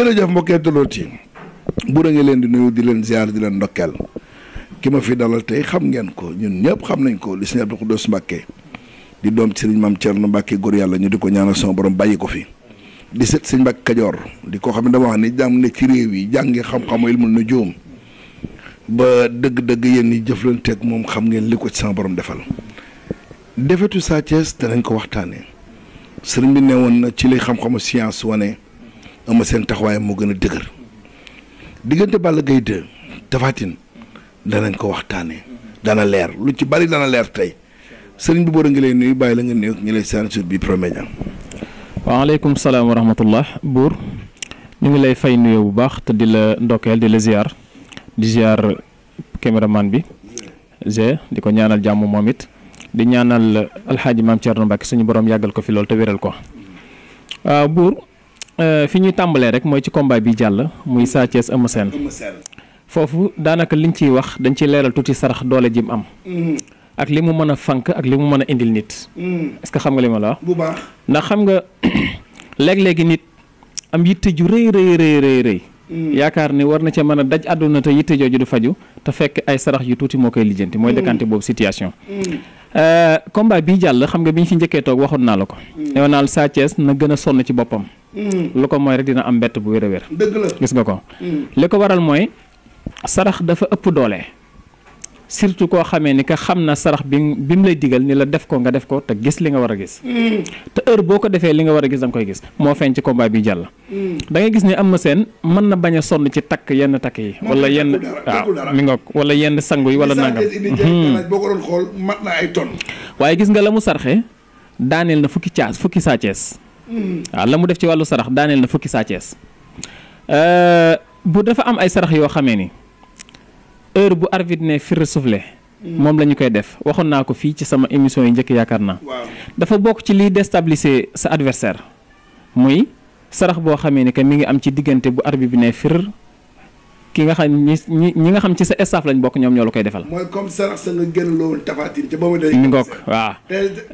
jërëjëf mbokkee toloot yi bu ngi leen di nuyu di leen ziar di leen ndokkeel ki ma fi dalal tey xam ngeen ko ñun ñëpp xam nañ ko li sëñ Abdou Khoudoss Mbacké di doom ci sëriñ maam Thierno Mbacké góor yàlla ñu di ko ñaanal sama borom bàyyi ko fi di seet sëñ Mbacké Kajoor di ko xam ne dama wax ni jàmm ne ci réew yi jàngee xam-xamu ilmu nujuum ba dëgg-dëgg yéen ñi jëflanteeg moom xam ngeen li ko ci sama borom defal defetu Sa Thiès nañ ko waxtaanee sëriñ bi ne woon na ci li xam-xamu science wane Eumeu Sène taxawaay moo gën a dëgër diggante Balla Gaye 2 Tapha Tine danañ ko waxtaane dana leer lu ci bari dana leer tey sëriñ bi boor a ngi lay nuyu bàyyi la nga nuyu ngi lay saan sur bi Bprod Média waaleykum salaam wa buur ñu ngi lay fay nuyoo bu baax te di la ndokkeel di la ziar di ziar man bi g di ko ñaanal jàmm moom it di ñaanal alxaaji maam Thierno Mbacke suñu borom yàggal ko fi loolu te wéral ko waaw ah, buur Euh, fi ñuy tàmbalee rek mooy ci combat bi jàll muy Sa Thiès Eumeu foofu daanaka liñ ciy wax dañ ci leeral tuuti sarax doole ji mu am. Mm-hmm. ak li mu mën a fànk ak li mu mën a indil nit. Mm-hmm. est que xam nga li ma la bu baax ndax xam nga léeg-léegi nit am yitte ju rëy rëy rëy rëy. Mm-hmm. yaakaar ni war na ca mën a daj àdduna te yitte jooju du faju te fekk ay sarax yu tuuti moo koy lijjanti. mooy décanté boobu situation. Euh, combat bii jàll xam nga bi ñu fi njëkkee toog waxoon naa la ko. nee naa la Sa Thiès ci boppam. lu ko mooy rek dina am mbett bu wér a wér. gis nga ko. Mm. li ko waral mooy sarax dafa ëpp doole. surtout koo xamee ni que xam na sarax bi bi mu lay digal ni la def ko nga def ko te gis li nga war a gis. Mm. te heure boo ko defee li nga war a gis da nga koy gis moo feeñ ci combat bi jàll. Mm. da gis ni am na seen mën na bañ a sonn ci takk yenn takk yi. wala yenn waaw wala yenn sangu yi wala nangam. Hmm. boo ko doon xool waaye gis nga la mu sarxe daaneel na fukki caas fukki saacees. waaw la mu def ci wàllu sarax daaneel na fukki Sa euh, bu dafa am ay sarax yoo xamee ni heure bu arbitre ne fir soufflé moom la koy def waxoon naa ko fii ci sama émission yi njëkk yaakaar na dafa bokk ci liy déstabiliser sa adversaire muy sarax boo xamee ni que mi ngi am ci diggante bu arbitre bi ne fir ki nga xam ñi ñi nga xam ci sa staff lañ bokk ñoom ñoo la koy defal. mooy comme sarax sa nga génn loolu tafatin ca boobu day. ngoog waaw.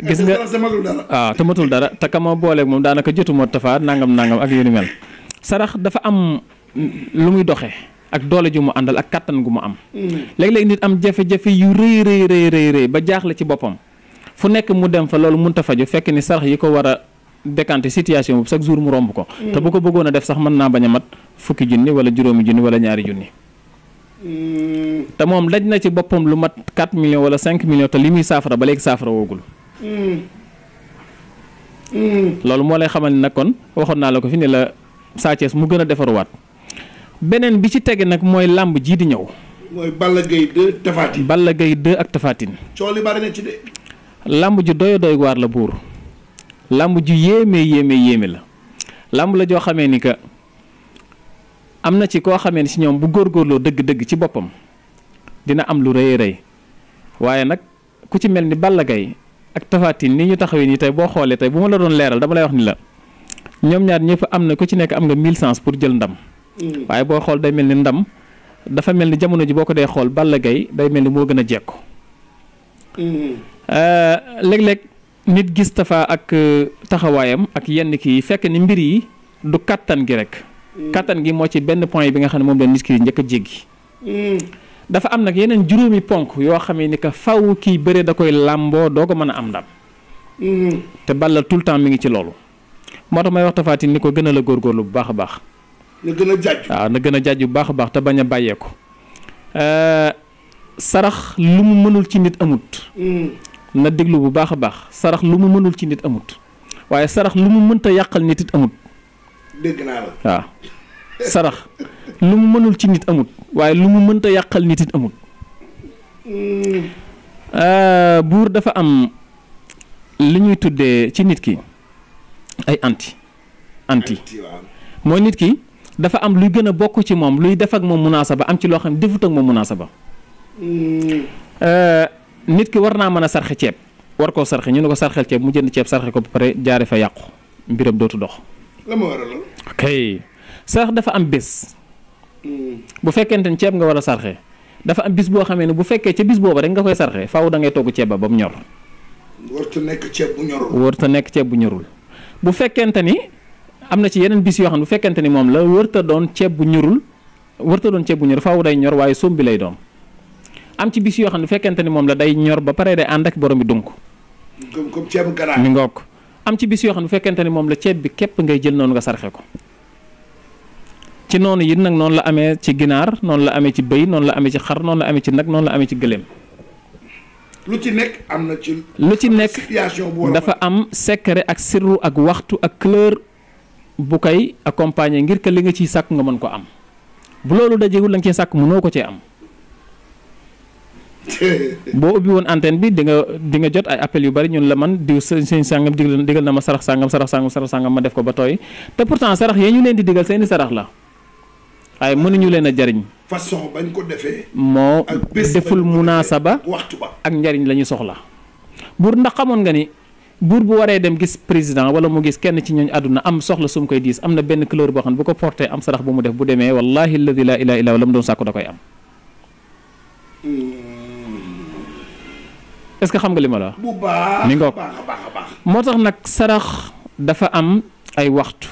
gis nga waaw te dara te ka ma booleeg moom daanaka jotu moo tafaat nangam nangam ak yu ni mel. sarax dafa am lu muy doxe ak doole ju mu àndal ak kàttan gu mu am. Mm. léeg-léeg nit am jafe-jafe yu rëy rëy rëy rëy ba jaaxle ci boppam fu nekk mu dem fa loolu mënut a faju fekk ni sarax yi ko war a décanté situation boobu chaque jour mu romb ko. Mm. te bu ko bëggoon a def sax mën naa bañ a mat fukki junni wala juróomi junni wala ñaari junni. Mm. te moom daj na ci boppam lu mat 4 millions wala 5 millions te li muy saafara ba léegi saafara woogul. Mm. loolu moo lay xamal nag kon waxoon naa la ko fi ne la Sa mu gën a defaruwaat beneen bi ci tege nag mooy làmb jii di ñëw. mooy Balla Gaye 2 Balla Gaye 2 ak Tapha li bari na ci de. làmb ji doyo doy la buur. làmb ju yéeme yéeme yéeme la làmb la joo xamee ni que am na ci koo xamee ni si ñoom bu góorgóorloo dëgg-dëgg ci boppam dina am lu rëy rëy waaye nag ku ci mel ni Balla Gaye ak Tapha ni ñu taxawee nii tey boo xoolee tey bu ma la doon leeral dama lay wax ni la ñoom ñaar ñëpp am na ku ci nekk am nga mille chance pour jël ndam. Mm. waaye boo xool day mel ni ndam dafa mel ni jamono ji boo ko dee xool Balla gay day mel ni moo gën a jekko mm. euh, léeg-léeg nit gis Tapha ak euh, taxawaayam ak yenn kii fekk ni mbir yi du kàttan gi rek. Mm. kàttan gi moo ci benn point bi nga xam ne moom la nit ki njëkk a jéggi. Mm. dafa am nag yeneen juróomi ponk yoo xam ne ni que faw kii bëre da koy làmboo doo ko mën a am ndam. Mm. te Balla tout le temps mi ngi ci loolu. moo tax may wax Tapha ni ko gën a la góorgóorlu bu baax baax. na gën a jaaj. waaw na gën a jaaj bu baax a baax te bañ a bàyyeeku. Euh, sarax lu mu mënul ci nit amut. na déglu bu baax a baax sarax lu mu mënul ci nit amut waaye sarax lu mu mënta yàqal nit it amut. dégg mënul ci nit amut waaye lu mu mënta yàqal nit it mm. euh, buur dafa am li ñuy tuddee ci nit ki ay anti. anti mooy nit ki dafa am luy gën a bokk ci moom luy def ak moom munaasaba am ci loo xam ne defut ak moom munaasaba. Mm. Euh, nit ki war naa mën a sarxe ceeb war koo sarxe ñu ne ko sarxel ceeb mu jënd ceeb sarxe ko ba pare jaare fa yàqu mbiram dootu dox. la ma waral ok dafa am bés. Mm. bu fekkente ne ceeb nga war a sarxe dafa am boo xamee ne bu fekkee ca bis booba rek nga koy sarxe faw dangay ngay togg ceeb ba ba mu ñor. warut a nekk ceeb bu ñorul. nekk ceeb bu ñorul bu fekkente ni am na ci yeneen bis yoo xam ne bu fekkente ni moom la warut a doon ceeb bu ñorul warut doon ceeb bu ñorul faaw day ñor waaye sombi lay doon. am ci bis yoo xam ne fekkente ni moom la day ñor ba pare day ànd ak borom bi dunk comme ceebu ganaar mi ngoog am ci bis yoo xam ne fekkente ni moom la ceeb bi képp ngay jël noonu nga sarxe ko ci noonu it nag noonu la amee ci ginaar noonu la amee ci bëy noonu la amee ci xar noonu la amee ci nag noonu la amee ci gëléem. lu ci nekk am na ci. lu ci nekk dafa am secret ak sirru ak waxtu ak couleur bu koy accompagner ngir que li nga ciy sàkk nga mën ko am bu loolu dajewul la nga ciy sàkk mënoo ko cee am. boo ubbi woon antenne bi di nga di nga jot ay appels yu bari ñun la man diw sëñ sàngam digal digal na ma sarax sàngam sarax sàngam sarax sàngam ma def ko ba tooy te pourtant sarax yee ñu leen di digal seeni sarax la waaye mënuñu leen a jariñ façon bañ ko defee moo deful munaasaba waxtu ba ak njariñ la ñu soxla buur ndax xamoon nga ni buur bu waree dem gis président wala mu gis kenn ci ñooñ àdduna am soxla su mu koy diis am na benn couleur boo xam ne bu ko porté am sarax bu mu def bu demee wallahi alladi la ilaha illa la mu doon sàkku da koy am hmm. est-ce que xam nga li ma laa wax. bu mi ngoog moo tax nag sarax dafa am ay waxtu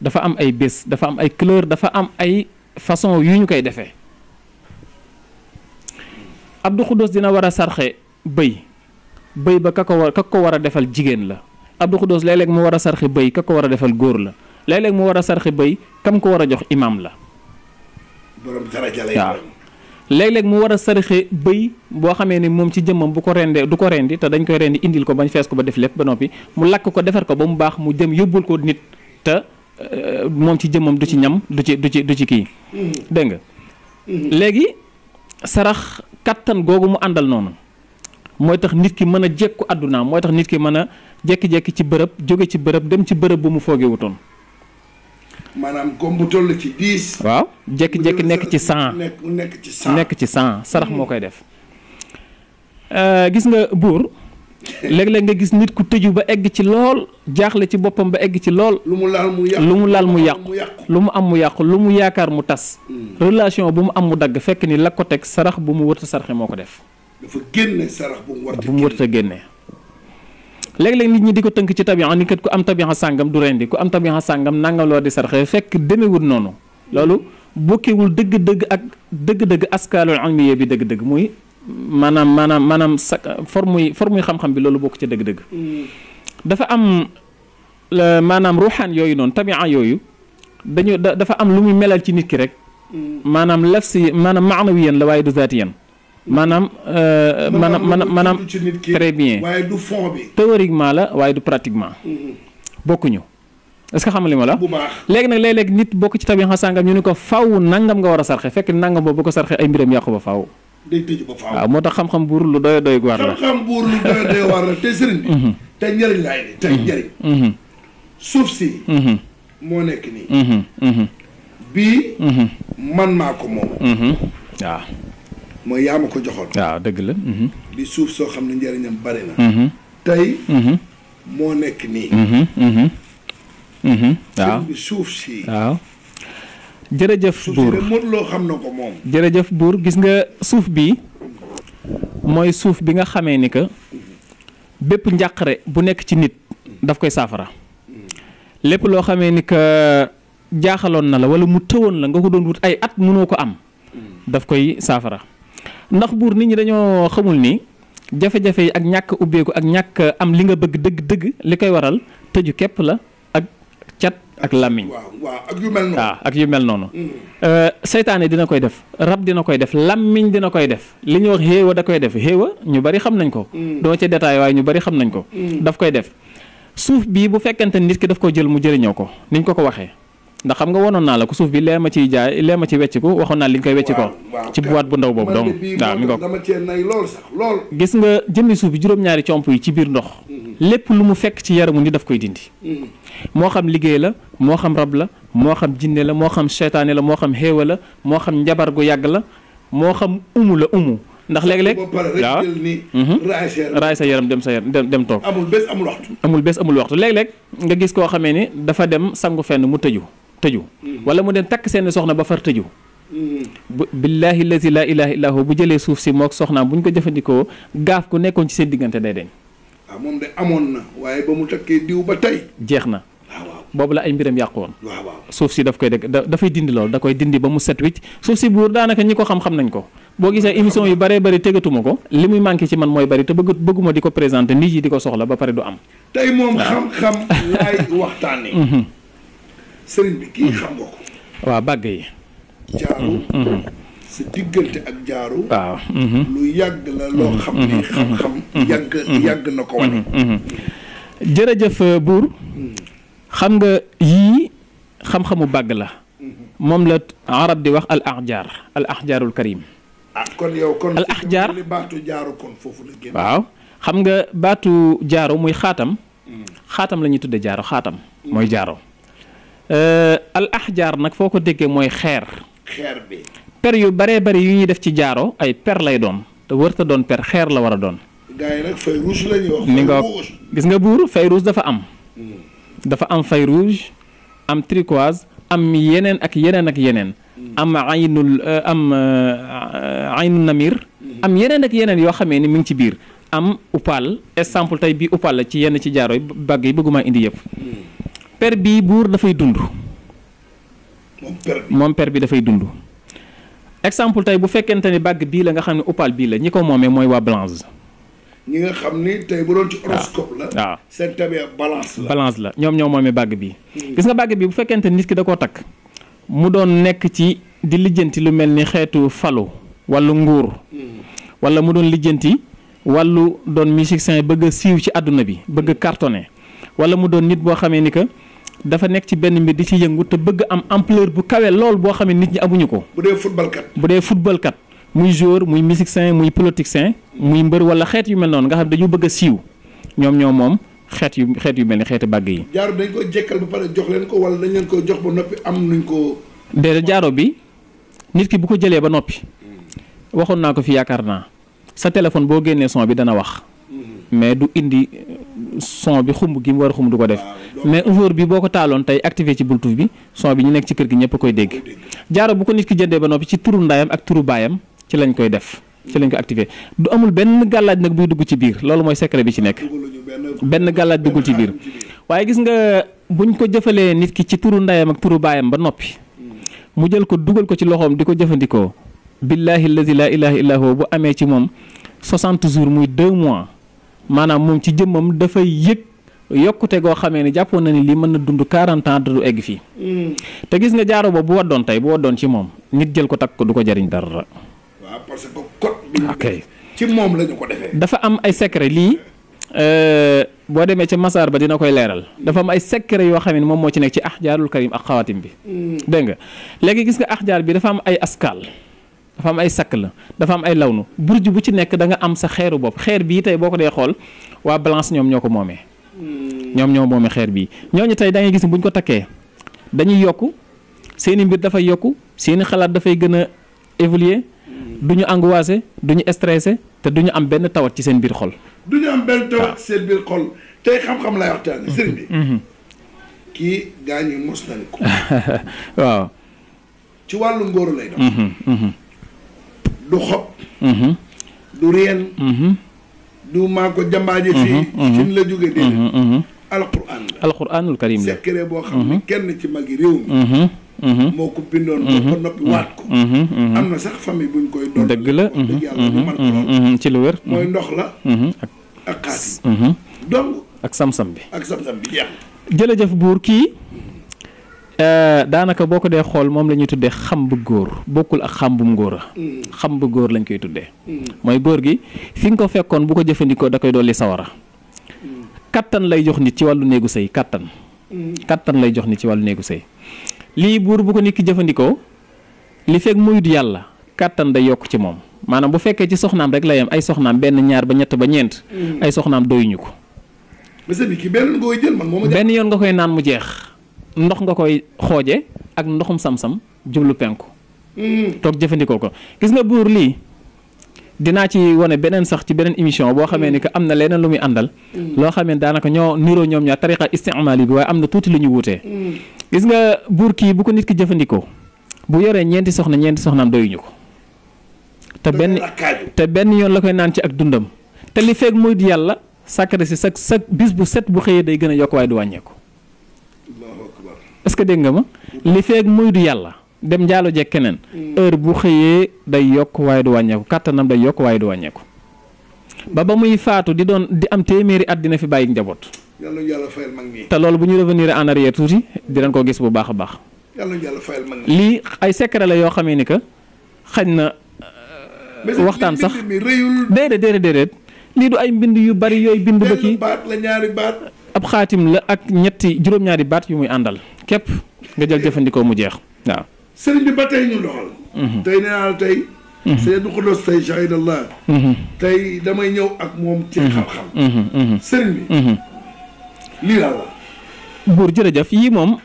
dafa am ay bés dafa am ay couleur dafa am ay façon yu ñu koy defee Abdou Khoudous dina war a sarxe bëy bëy ba ka ko war ka war a defal jigéen la Abdou Khoudous léeg-léeg mu war a sarxe bëy ka war a defal góor la léeg-léeg war a sarxe bëy kam ko war a jox imaam la. léeg-léeg mu war a saraxe bëy boo xamee ni moom ci jëmmam bu ko rendee du ko rendi te dañ koy rendi indil ko bañ fees ko ba def lépp ba noppi mu lakk ko defar ko ba mu baax mu jëm yóbbul ko nit te euh, moom ci jëmmam du ci ñam du ci du ci du ci kii mm-hmm. dégg nga mm-hmm. léegi sarax kàttan googu mu àndal noonu mooy tax nit ki mën a jekku àdduna mooy tax nit ki mën a jekki-jekki ci bërëb jóge ci bërëb dem ci bërëb bu mu foogee wutoon maanaam gom bu toll ci waaw jékki-jékki nekk ci cent nekk ci cent nekk ci cent sarax moo mm. koy def. Euh, gis nga buur léeg-léeg nga gis nit ku tëju ba egg ci lool jaaxle ci boppam ba egg ci lool. lu mu laal mu yàqu lu mu laal mu yàqu lu mu am mu yàqu lu mu yaakaar mu tas. Mm. relation bu mu am mu dagg fekk ni la ko teg sarax bu mu wërta saraxe moo ko def. dafa génne bu mu wërta génnee léeg-léeg nit ñi di ko tënk ci tabian ni kat ku am tabian sàngam du rendi ku am tabian sàngam nangam loo di sarxe fekk demewul noonu loolu bokkewul dëgg-dëgg ak dëgg-dëgg askaalul almiya bi dëgg-dëgg muy maanaam maanaam maanaam sa forme yi forme yi xam bi loolu bokk ci dëgg-dëgg mm. dafa am maanaam ruuxaan yooyu noonu tabian yooyu dañu dafa am lu muy melal ci nit ki rek mm. maanaam laf si maanaam maanawiyan la waaye du zaatiyan Euh, maanaam maanaam maanaam maanaam très bien waaye du fond bi la waaye du pratiquement bokkuñu est-ce xam li ma la léegi nag léeg-léeg nit bokk ci tabi xasangam ñu ne ko faw nangam nga war a sarxe fekk nangam boobu bu ko sarxe ay mbiram yàqu ba faw waaw moo tax xam-xam buur lu doy doy waar la xam-xam buur lu te sëriñ bi mm-hmm. te njëriñ laay ni tey mm-hmm. mm-hmm. suuf si moo nekk bii man maa ko moom waaw mooy yaa ko joxoon. waaw ah, dëgg la. Mhm. di suuf soo xam ne njëriñam bari na. Mhm. tey. Mhm. moo nekk nii. waaw suuf jërëjëf buur suuf loo jërëjëf buur gis nga suuf bi mooy suuf bi nga xamee ni que bépp njàqare bu nekk ci nit daf koy saafara lépp loo xamee ni que jaaxaloon na la wala mu tëwoon la nga ko doon wut ay at mënoo ko am mm. daf koy saafara. ndax buur nit ñi dañoo xamul nii jafe-jafe yi ak ñàkk ubbeeku ak ñàkk am li nga bëgg dëgg-dëgg li koy waral tëju képp la ak cat ak làmmiñ waaw ak yu mel noonu ah, mm. euh, seytaane dina koy def rab dina koy def làmmiñ dina koy def li ñuy wax xéewa da koy def xéewa ñu bari xam nañ ko mm. doo ci détail waaye ñu bari xam nañ ko mm. daf koy def suuf bii bu fekkente nit ki daf ko jël mu jëriñoo ko niñ ko ko waxee ndax xam nga wanoon naa la ku suuf bi lee ma ciy jaay lee ma ci wecc ko waxoon naa li ñu koy wecc ko ci boîte bu ndaw boobu donc waaw mi gis nga jëndi suuf bi juróom-ñaari ci biir ndox mhm. lépp lu mu fekk ci yaramu ni daf koy dindi mhm. moo xam liggéey la moo xam rab la moo xam jinne la moo xam seytaane la moo xam xéewa la moo xam njabar gu yàgg la moo xam umu la umu ndax léeg-léeg waaw mhm. raay sa yaram dem dem toog amul bés amul waxtu léeg-léeg nga gis koo xamee ni dafa dem sangu fenn mu tëju tëju mhm. wala mu dem takk seen soxna ba far tëju mhm. billaahi lazi laa ilaaha illaa hu bu jëlee suuf si moo mook soxnaam bu ñu ko jëfandikoo gaaf ku nekkoon ci seen diggante day deñ waaw ah, moom de amoon na waaye ba mu takkee diw ba tey jeex na ah, boobu la ay mbiram yàqu woon suuf si daf koy dëgg dafay dindi lool da koy dindi ba mu set wicc suuf si buur daanaka ñi ko xam-xam nañ ko boo gisee émission yu baree bari tegatuma ko li muy manqué ci man mooy bëri te bëgg bëgguma di ko présenté nit yi di ko soxla ba pare du am sëriñ bi hmm. bàgg yi. Hmm, hmm. diggante ak jaaru. yàgg na ko jërëjëf euh, buur xam nga yii xam-xamu bàgg la. moom la arab di wax al ahjaar al ahjaarul karim. al ah, ahjaar baatu jaaru kon foofu la génn. waaw xam nga baatu jaaru muy xaatam. xaatam lañuy ñuy tudde jaaru xaatam. mooy jaaro Euh, al jaar nag foo ko déggee mooy xeer. xeer per yu baree bari yu ñuy def ci jaaro ay per lay doon te wërta doon per xeer la war a doon. gars yi wax. gis nga buur fay rouge dafa am. Hmm. dafa am fay rouge am turquoise am yeneen ak yeneen ak yeneen. Hmm. am aynul euh, am euh, aynu namir. Hmm. am yeneen ak yeneen yoo xamee ni mu ngi ci biir am upal exemple tey bii upal la ci yenn ci jaaro yi bagg yi bëgguma indi yëpp. per bii buur dafay dund. moom bi dafay dund. exemple tey bu fekkente ni bàgg bii la nga xam ne opal bii la ñi ko moomee mooy waa balance. ñi nga ah. ah. la. ñoom ñoo moomee bàgg bi. Hmm. gis nga bàgg bi bu fekkente nit ki da koo takk. mu doon nekk ci di lijjanti lu mel ni xeetu falu wàllu nguur. Hmm. wala mu doon lijjanti wàllu doon musicien bëgg siiw ci àdduna bi bëgg a cartonné wala mu doon nit boo xamee ni que. dafa nekk ci benn mbir di ci yëngu te bëgg am ampleur bu kawee lool boo xam ne nit ñi amuñu ko. bu dee football kat. bu dee football kat muy joueur muy musicien muy politicien muy mbër wala xeet yu mel noonu nga xam dañu bëgg a siiw ñoom ñoo moom xeet yu xeet yu mel ni xeeti bàgg yi. jaaro dañ ko jekkal ba pare jox leen ko wala dañ leen ko jox ba noppi am nuñ ko. déedéet jaaro bi nit ki bu ko jëlee ba noppi. Hmm. waxoon naa ko fi yaakaar naa sa téléphone boo génnee son bi dana wax. Hmm. mais du indi son bi xumb gi mu war a xumb du ko def mais ouvert bi boo ko taaloon tey activé ci bultuf bi son bi ñu nekk ci kër gi ñëpp koy dégg jaaro bu ko nit ki jëndee ba noppi ci turu ndaayam ak turu baayam ci lañ koy def lañ ko activé du amul benn gàllaaj nag buy dugg ci biir loolu mooy secret bi ci nekk benn gàllaaj duggul ci biir waaye gis nga buñ ko jëfalee nit ki ci turu ndayam ak turu baayam ba noppi mu jël ko dugal ko ci loxoom di ko jëfandikoo billaahi allazi laa ilaaha illaa bu amee ci moom 60 jours muy 2 mois maanaam moom ci jëmmam dafay yëg yokkute goo xamee ni jàppoon na ni lii mën na dund 40 ans du egg fii. Mm. te gis nga jaaro ba bu doon tey bu doon ci moom nit jël ko takk ko du ko jariñ dara. waaw ci moom lañu dafa am ay secret lii. Euh, boo demee ci masaar ba dina koy leeral dafa am ay secret yoo xam ne moom moo ci nekk ci axjaarul karim ak xawaatim bi mm. dégg nga léegi gis nga axjaar bi dafa am ay askaal dafa am ay sakk la dafa am ay lawnu burju bu ci nekk da nga am sa xeeru bopp xeer bii tey boo ko dee xool waa balance ñoom ñoo ko moomee. Hmm. ñoom ñoo moomee xeer bii ñooñu tey da gis ne ñu ko takkee dañuy yokk seeni i mbir dafay yokk seen xalaat dafay gën a évoluer hmm. du ñu angoissé du ñu stressé te du ñu am benn tawat ci seen biir xol. du ñu am benn tawat ah. ci seen biir tey xam-xam lay waxtaanee. Mm-hmm. sëriñ bi. Mm-hmm. kii gaañu mos nañ ko. du xob mm-hmm. du reen mm-hmm. du maa ko jambaaje fii mm-hmm, sin la jóge déedéet alquran la alquranul karim la boo xam kenn ci magi réew mi moo ko bindoon ba noppi waat ko am na sax famille buñ koy doon dëgg la ci lu wér mooy ndox la ak xaas ak samsam bi ak samsam buur kii Euh, daanaka boo ko dee xool moom la ñuy tuddee xam bu góor bokkul ak xam bu ngóor mm. xam bu góor lañ koy tuddee mm. mooy góor gi fi nga ko fekkoon bu ko jëfandikoo da koy dolli sawara mm. kattan lay jox nit ci wàllu néegu sëy kattan kattan lay jox nit ci wàllu néegu sëy lii buur bu ko nit jëfandikoo li fekk muyut yàlla kàttan day yokk ci moom maanaam bu fekkee ci soxnaam rek la yem ay soxnaam benn ñaar ba ñett ba ñeent ay soxnaam doyuñu ko benn yoon nga koy naan mu jeex ndox nga koy xooje ak ndoxum sam-sam jublu penku hmm. toog jëfandikoo ko gis nga buur lii dinaa ci wane beneen sax ci beneen émission boo xamee hmm. ni que am na leneen lu muy àndal hmm. loo xamee daanaka ñoo niroo ñoom ñaar tariqa istimaal yi bi waaye am na tuuti lu ñu wuutee gis nga buur kii bu ko nit ki jëfandikoo bu yore ñeenti soxna ñeenti soxnaam doyuñu ko te benn te benn yoon la koy naan ci ak dundam te li feeg muy di yàlla sàkkare si sa sa bis bu set b xëyee day gën a yokk waaye wàññeeku est-ce que dégg nga ma li feeg muy du yàlla dem njaalo jekk keneen mm. heure bu xëyee day yokk waaye du wàññeeku kàttanam day yokk waaye du wàññeeku ba ba muy faatu di doon di am téeméeri àddina fi bàyyi njaboot te loolu bu ñu revenir en arrière tuuti dinañ ko gis bu baax a baax lii ay secret la yoo xamee ni que xañ na euh, waxtaan sax déedéet déedéet déedéet lii du ay mbind yu bari yooyu bind ba kii ab xaatim la ak ñetti juróom-ñaari baat yu muy àndal képp nga jël jëfandikoo mu jeex waaw. sëriñ bi ba tey ñu loxal. Mhm. Mhm. Mhm. tey damay ñëw ak moom ci xam-xam. sëriñ bi. lii laa wax. buur jërëjëf yii moom.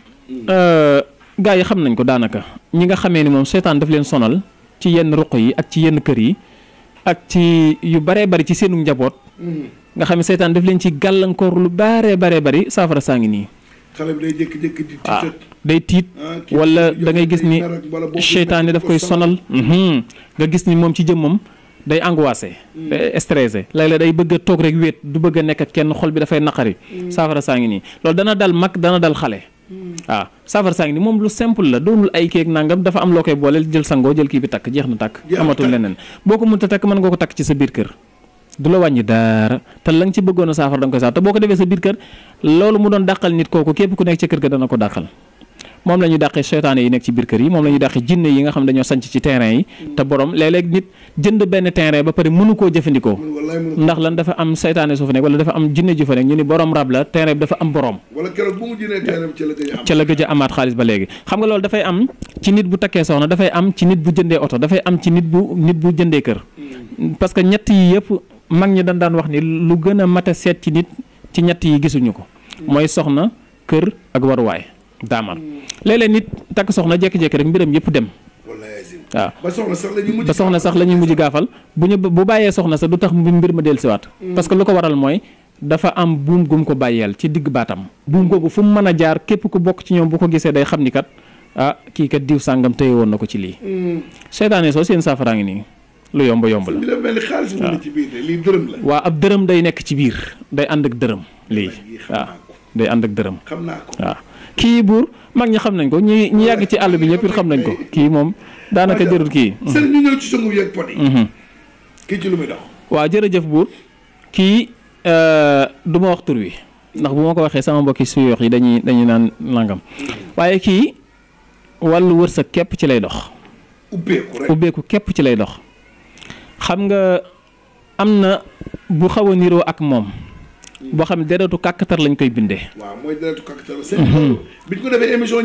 Euh, gaa yi xam nañ ko daanaka ñi nga xamee ni moom seetaan daf leen sonal ci yenn ruq yi ak ci yenn kër yi. ak ci yu baree bari ci seenum njaboot. nga xam ne seytaan daf leen ci gàllankoor lu baree bare bari saafara saa ngi nii. Ah, day tiit ah, day tiit ngay gis ni seytaan daf koy sonal. Mhm. nga gis ni moom ci jëmmam day angoissé. Mm. day stressé léeg-léeg day bëgg toog rek wéet du bëgg nekk kenn xol bi dafay naqari. Mm. saafara saa ngi nii loolu dana dal mag dana dal xale. waaw hmm. ah, saafara saa ngi ni moom lu simple la doonul ay keeg nangam dafa am loo koy booleel jël sangoo jël kii bi takk jeex na takk. amatul leneen boo ko mënta takk mën nga ko takk ci sa biir kër. du la wàññi dara te la ci bëggoon a saafara da nga koy saafara te boo ko defee sa biir kër loolu mu doon dàqal nit kooku képp ku nekk ca kër ga dana ko dàqal. moom lañuy ñu dàqee seytaane yi nekk ci biir kër yi moom la ñu dàqee jinne yi nga xam dañoo sanc ci terrain yi mm. te borom léeg-léeg nit jënd benn terrain ba pare mënu koo jëfandikoo ndax lan dafa am seytaane su fa nekk wala dafa am jinne ju fa nekk ñu ni borom rab la terrain bi dafa am borom ca la gëj amaat xaalis ba léegi xam nga loolu dafay am ci nit bu takkee soxna dafay am ci nit bu jëndee oto dafay am ci nit bu nit bu jëndee kër mm. parce que ñett yëpp mag ñi dañ daan wax ni lu gën a mat a seet ci nit ci ñett yi gisuñu ko mm. mooy soxna kër ak waruwaay daamar léeg-léeg nit takk soxna jékki-jékki rek mbiram yëpp dem. waaw ba soxna sax la mujj. soxna sax la ñuy mujj gaafal bu ñu bu bàyyee soxna sax du tax mbir ma dellusiwaat. Mm. parce que lu ko waral mooy dafa am buum gum ko bàyyeel ci digg baatam. buum googu fu mu mën a jaar képp ku bokk ci ñoom bu ko gisee day xam ni kat ah kii kat diw sàngam téye woon na ko ci lii. Mm. seetaane soo seen saafaraa ngi nii lu yomb yomb la. waaw ab dërëm day nekk ci biir day ànd ak dërëm lii waaw day ànd ak dërëm. xam naa kii buur mag ñi xam nañ ko ñu yàgg ci àll bi ñëpp it xam nañ ko kii moom daanaka jërul kii. sëriñ ñu ñëw ci mhm. jërëjëf buur kii euh, duma ma wax tur wi ndax bu ma ko waxee sama mbokki suy wax yi dañuy dañuy naan nangam waaye kii wàllu wërsëg képp ci lay dox. ubbeeku rek képp ci lay dox. xam nga am na bu xaw a niroo ak moom. boo xam ne deretu kàkkatar lañu koy bindee. waaw mooy deretu mhm. ñu ko defee émission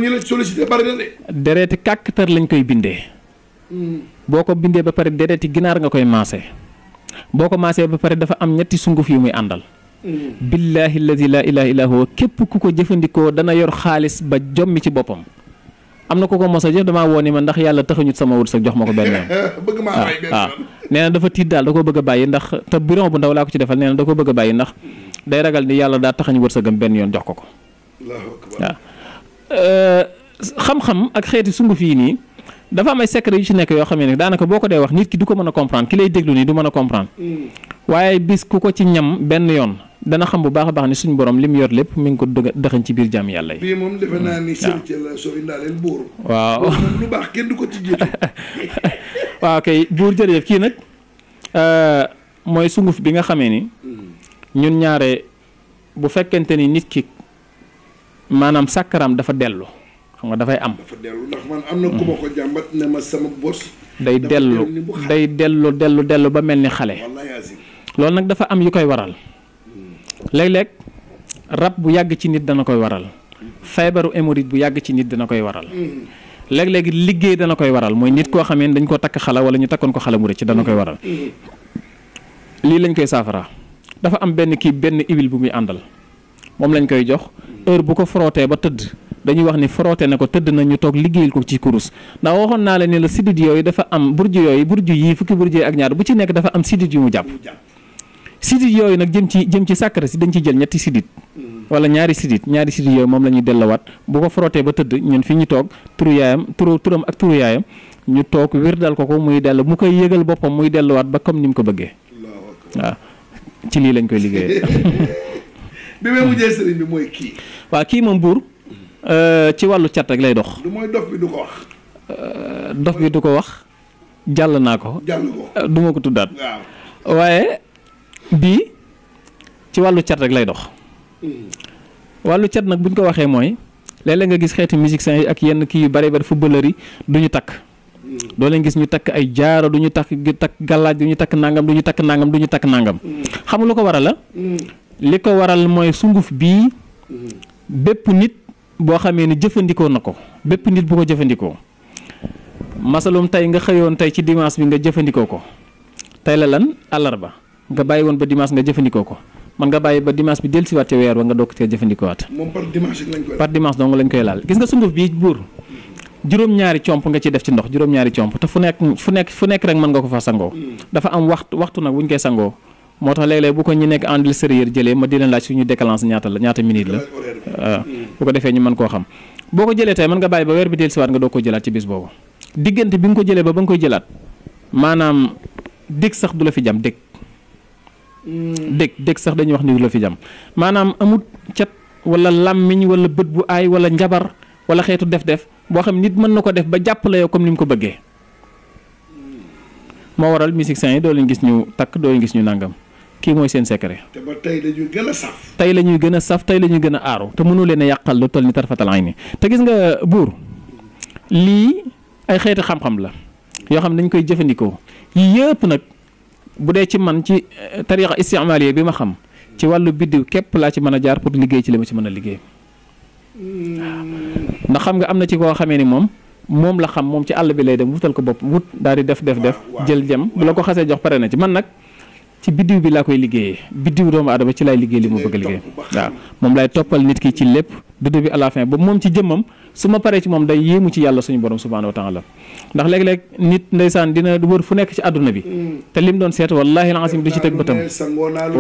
lañ koy bindee. Mhm. boo ko bindee ba pare dereti ginaar nga koy maase. boo ko maasee ba pare dafa am ñetti sunguf yu muy àndal. Mhm. billaahi allazi laa ilaaha képp ku ko jëfandikoo dana yor xaalis ba jommi ci boppam. am na ko ko mos a jëf damaa woo ni ma ndax yàlla taxañut sama wërsëg jox ma ko benn bëgg maa waaw ah, ah. waaw nee dafa tiit daal da ko bëgg a bàyyi ndax te bureau bu ndaw laa ko ci defal nee na da ko bëgg a bàyyi ndax day ragal ni yàlla daa taxañ wërsëgam benn yoon jox ko ko waaw euh, xam-xam ak xeeti sunguf yi nii dafa am ay secret yu ci nekk yoo xam ne daanaka boo ko dee wax nit ki du ko mën a comprendre ki lay déglu nii du mën a comprendre hmm. waaye bis ku ko ci ñam benn yoon dana xam bu baax a baax ni suñu borom li mu yor lépp mu ngi ko dëxañ ci biir jaam yàlla yi. bii moom defe naa ni waaw waaw kay buur jërëjëf kii nag euh, mooy sunguf bi nga xamee ni. Hmm. ñun ñaare bu fekkente ni nit ki maanaam sàkkaraam dafa dellu xam nga dafay am. dafa hmm. day dellu day dellu dellu dellu ba mel ni xale. loolu nag dafa am yu koy waral. léeg-léeg rab bu yàgg ci nit dana koy waral feebaru hémorroïde bu yàgg ci nit dana koy waral léeg-léeg liggéey dana koy waral mooy nit koo xamee dañ ko takk xale wala ñu takkoon ko xale mu ci dana koy waral lii lañ koy saafara dafa am benn kii benn huile bu muy àndal moom lañ koy jox heure bu ko frottee ba tëdd dañu wax ni frotté na ko tëdd na ñu toog liggéeyal ko ci kurus ndax waxoon naa la ne la sidit yooyu dafa am burju yooyu burju yii fukki burju ak ñaar bu ci nekk dafa am sidit mu jàpp sidit yooyu nag jëm ci jëm ci sàkkara si dañ ci jël ñetti sidit wala ñaari sidit ñaari sidit yooyu moom la ñuy dellowaat bu ko frottee ba tëdd ñun fi ñu toog turu yaayam turu turam ak turu yaayam ñu toog dal ko ko muy dellu mu koy yëgal boppam muy delluwaat ba comme ni mu ko bëggee waaw ci lii lañ koy liggéeyee. kii. waaw kii moom buur euh, ci wàllu cat rek lay dox. du mooy euh, dof bi du ko wax. jàll naa ko. jàll ko euh, tuddaat. waaye. bii ci wàllu cat rek lay dox. wàllu cat nag buñ ko waxee mooy léeg-léeg nga gis xeeti musiciens yi ak yenn kii yu bare bare footballeur yi du ñu takk. doo leen gis ñu takk ay jaaro du ñu takk takk gàllaaj du ñu takk nangam du ñu takk nangam du ñu takk nangam. xam nga lu ko waral la. li ko waral mooy sunguf bii bépp nit boo xamee ni jëfandikoo na ko bépp nit bu ko jëfandikoo. masalum tey nga xëyoon tey ci dimanche bi nga jëfandikoo ko tey la lan ba nga bàyyi woon ba dimanche nga jëfandikoo ko man nga bàyyi ba dimanche bi dellusiwaat ca weer ba nga dokk cee jëfandikoowaat. moom par dimanche moo tax léeg-léeg bu ko ñu nekk en extérieur jëlee ma di leen ah, xam boo ko jëlee tey mën nga ba weer doo ko jëlaat ci bis boobu diggante bi nga ko jëlee ba ba nga koy jëlaat maanaam dég sax du la fi jam dég Mm. dégg dégg sax dañuy wax ni la fi jam maanaam amut cat wala làmmiñ wala bët bu aay wala njabar wala xeetu def-def boo xam nit mën na ko def ba jàppale yow comme ni mu ko bëggee moo waral musiciens yi doo leen gis ñu takk doo leen gis ñu nàngam kii mooy seen secret. te tey la ñuy gën a saf. tey la ñuy gën a saf te mënu leen a yàqal lu toll ni tarfatal ayni te gis nga buur lii ay xeeti xam-xam la yoo xam ne dañ koy jëfandikoo yii yëpp nag. bu dee ci man ci eh, tariqa isticmaaliya bi ma xam ci wàllu biddiw képp laa ci mën a jaar pour liggéey ci li ma ci mën a liggéey hmm. ndax xam nga am na ci koo xamee ni moom moom la xam moom ci àll bi lay dem wutal ko bopp wut daal di def def def ah, jël jëm bu la ko xasee jox pare na ci man nag ci biddiw bi laa koy liggéeyee biddiw doomu adama ci lay liggéey li ma bëgg a liggéey waaw moom lay toppal nit ki ci lépp du début à la fin ba moom ci jëmmam su ma paree ci moom day yéemu ci yàlla suñu borom subhaanahu wa taala ndax léeg-léeg nit ndeysaan dina wër fu nekk ci àdduna bi te lim doon seet wallaahi alazim du ci teg bëtam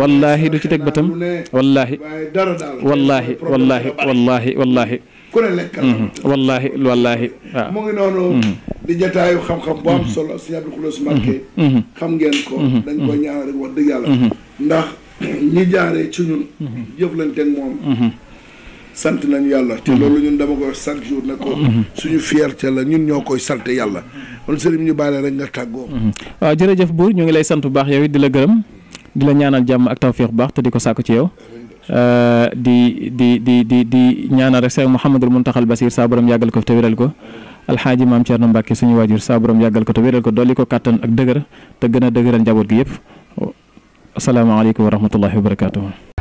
wallaahi du ci teg bëtam wallaahi wallaahi wallaahi wallaahi wallaahi ku ne lekk wallaahi wallaahi waaw mu ngi noonu mhm. di jataayu xam-xam bu am solo sëñ Abdou Khoudoss Mbacké mhm. Mhm. xam ngeen ko dañ koy ñaan rek wax dëgg yàlla ndax ñi jaaree ci ñun jëflante ak moom sant nañu yàlla te mhm. loolu ñun dama koy wax chaque jour ne ko mhm. Mhm. suñu sant yàlla kon sëriñ ñu bàyyi rek nga tàggoo waaw jërëjëf buur ñu ngi lay sant bu baax yow it di la gërëm di la ñaanal jàmm ak tawféex bu baax te di ko sàkk ci yow euh, di di di di di ñaanal rek Seex Muhammadul taxal Basiir saa yàggal ko fi te wéral ko alxaaji maam Thierno Mbacke suñu waajur saa borom yàggal ko te wéral ko dolli ko kàttan ak dëgër te gën a dëgëral njaboot gi yëpp asalaamaaleykum wa rahmatullahi wa barakaatuhu